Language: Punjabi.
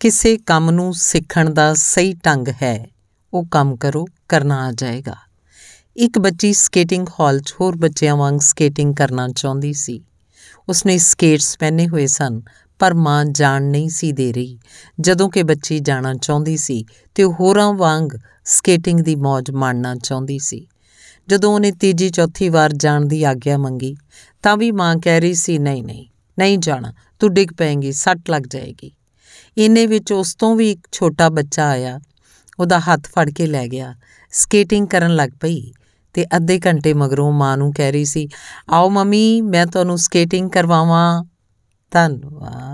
ਕਿਸੇ ਕੰਮ ਨੂੰ ਸਿੱਖਣ ਦਾ ਸਹੀ ਢੰਗ ਹੈ ਉਹ ਕੰਮ ਕਰੋ ਕਰਨਾ ਆ ਜਾਏਗਾ ਇੱਕ ਬੱਚੀ ਸਕੇਟਿੰਗ ਹਾਲ 'ਚ ਹੋਰ ਬੱਚਿਆਂ ਵਾਂਗ ਸਕੇਟਿੰਗ ਕਰਨਾ ਚਾਹੁੰਦੀ ਸੀ ਉਸਨੇ ਸਕੇਟਸ ਪਹਿਨੇ ਹੋਏ ਸਨ ਪਰ ਮਾਂ ਜਾਣ ਨਹੀਂ ਸੀ ਦੇ ਰਹੀ ਜਦੋਂ ਕਿ ਬੱਚੀ ਜਾਣਾ ਚਾਹੁੰਦੀ ਸੀ ਤੇ ਉਹ ਹੋਰਾਂ ਵਾਂਗ ਸਕੇਟਿੰਗ ਦੀ ਮौज ਮਾਣਨਾ ਚਾਹੁੰਦੀ ਸੀ ਜਦੋਂ ਉਹਨੇ ਤੀਜੀ ਚੌਥੀ ਵਾਰ ਜਾਣ ਦੀ ਆਗਿਆ ਮੰਗੀ ਤਾਂ ਵੀ ਮਾਂ ਕਹਿ ਰਹੀ ਸੀ ਨਹੀਂ ਨਹੀਂ ਨਹੀਂ ਜਾਣਾ ਤੂੰ ਡਿੱਗ ਪੈਂਗੀ ਸੱਟ ਲੱਗ ਜਾਏਗੀ ਇੰਨੇ ਵਿੱਚ ਉਸ ਤੋਂ ਵੀ ਇੱਕ ਛੋਟਾ ਬੱਚਾ ਆਇਆ ਉਹਦਾ ਹੱਥ ਫੜ ਕੇ ਲੈ ਗਿਆ ਸਕੇਟਿੰਗ ਕਰਨ ਲੱਗ ਪਈ ਤੇ ਅੱਧੇ ਘੰਟੇ ਮਗਰੋਂ ਮਾਂ ਨੂੰ ਕਹਿ ਰਹੀ ਸੀ ਆਓ ਮੰਮੀ ਮੈਂ ਤੁਹਾਨੂੰ ਸਕੇਟਿੰਗ ਕਰਵਾਵਾਂ ਧੰਨਵਾਦ